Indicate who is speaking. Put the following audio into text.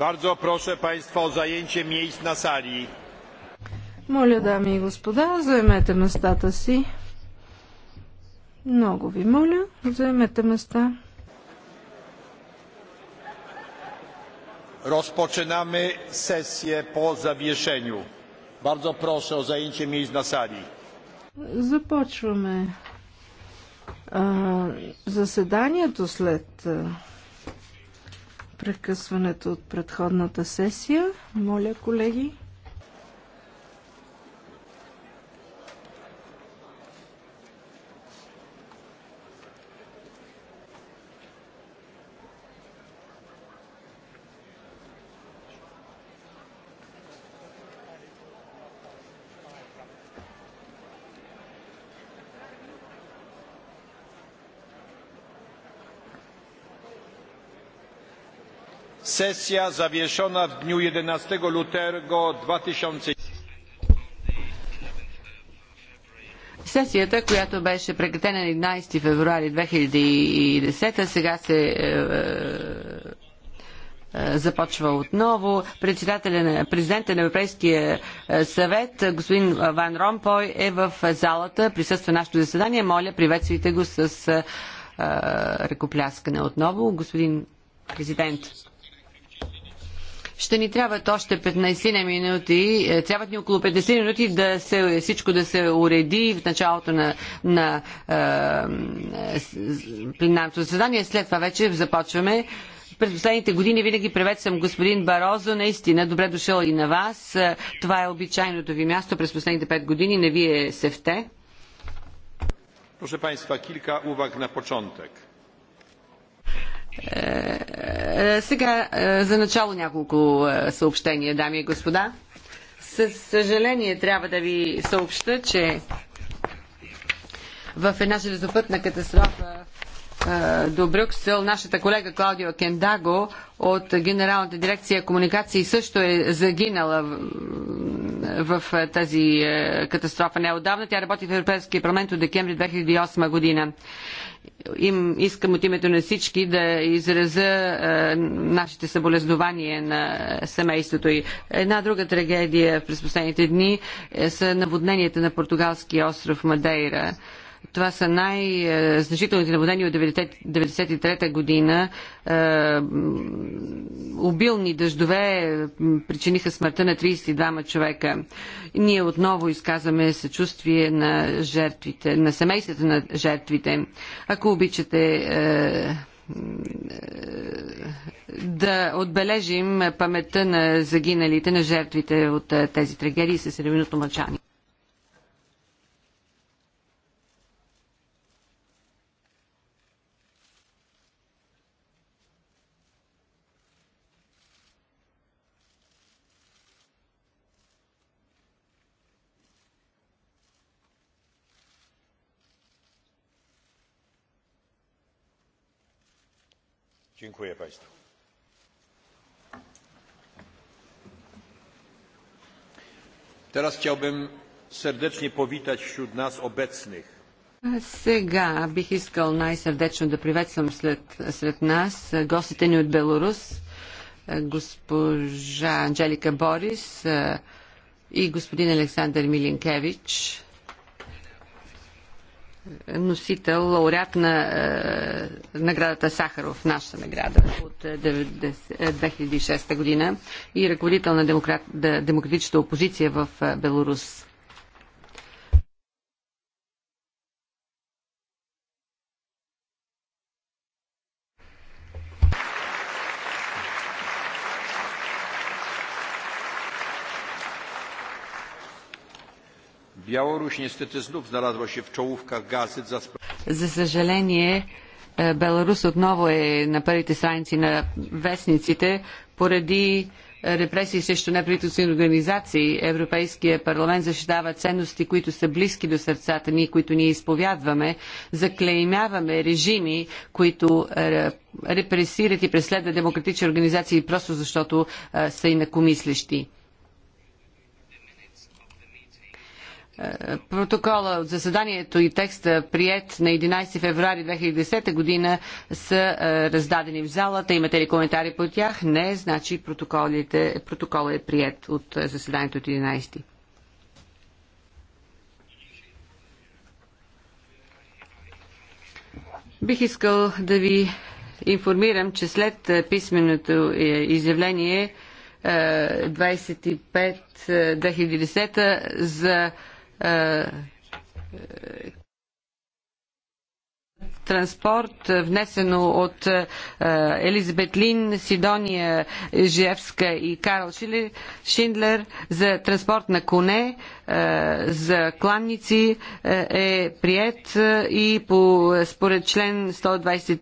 Speaker 1: Bardzo proszę Państwa o zajęcie miejsc na sali. Моля, дами
Speaker 2: и господа, заемете местата си. Много ви моля, заемете места.
Speaker 1: Rozpoczynamy sesję po zawieszeniu. Bardzo proszę o zajęcie miejsc na sali.
Speaker 2: Започваме а, заседанието след а, прекъсването от предходната сесия. Моля, колеги.
Speaker 1: Sesja zawieszona w dniu 11 lutego 2000.
Speaker 2: Сесията, която беше прекратена на 11 февруари 2010, сега се е, е, е, започва отново. Председателя на, президента на Европейския съвет, господин Ван Ромпой, е в залата, присъства нашето заседание. Моля, приветствайте го с е, ръкопляскане отново. Господин президент ще ни трябват още 15 минути, е, трябват ни около 15 минути да се, всичко да се уреди в началото на, на е, е, пленарното заседание. След това вече започваме през последните години винаги приветствам господин Барозо. Наистина, добре дошъл и на вас. Е, това е обичайното ви място през последните 5 години. Не вие се вте.
Speaker 1: Proszę Państwa, kilka uwag na początek.
Speaker 2: Сега е, за начало няколко е, съобщения, дами и господа. Със съжаление трябва да ви съобща, че в една железопътна катастрофа е, до Брюксел нашата колега Клаудио Кендаго от Генералната дирекция комуникации също е загинала в е, тази е, катастрофа отдавна Тя работи в Европейския парламент от декември 2008 година. Им искам от името на всички да изразя е, нашите съболезнования на семейството и. Една друга трагедия през последните дни са наводненията на португалския остров Мадейра. Това са най-значителните наводнения от 1993 година. Е, обилни дъждове причиниха смъртта на 32 човека. Ние отново изказваме съчувствие на жертвите, на семействата на жертвите. Ако обичате е, е, да отбележим паметта на загиналите, на жертвите от тези трагедии с едноминутно мълчание.
Speaker 1: dziękuję państwu. teraz chciałbym serdecznie powitać wśród nas obecnych
Speaker 2: сега бих искал най-сърдечно да приветствам след, сред нас гостите ни от Беларус, госпожа Анджелика Борис и господин Александър Милинкевич носител, лауреат на е, наградата Сахаров, нашата награда от 90, е, 2006 е, година и ръководител на демократ, демократичната опозиция в е, Беларус.
Speaker 1: Białoruś niestety znów znalazła się w czołówkach gazet za
Speaker 2: За съжаление, е, Беларус отново е на първите страници на вестниците поради е, репресии срещу неправителствени организации. Европейския парламент защитава ценности, които са близки до сърцата ни, които ние изповядваме. Заклеймяваме режими, които е, репресират и преследват демократични организации просто защото са инакомислещи. Протокола от заседанието и текста прият на 11 феврари 2010 година са е, раздадени в залата. Имате ли коментари по тях? Не, значи протоколът е прият от е, заседанието от 11. Бих искал да ви информирам, че след е, писменото изявление 25-2010 за е, транспорт, внесено от е, Елизабет Лин, Сидония Жиевска и Карл Шиндлер за транспорт на коне е, за кланници е прият и по, според член 123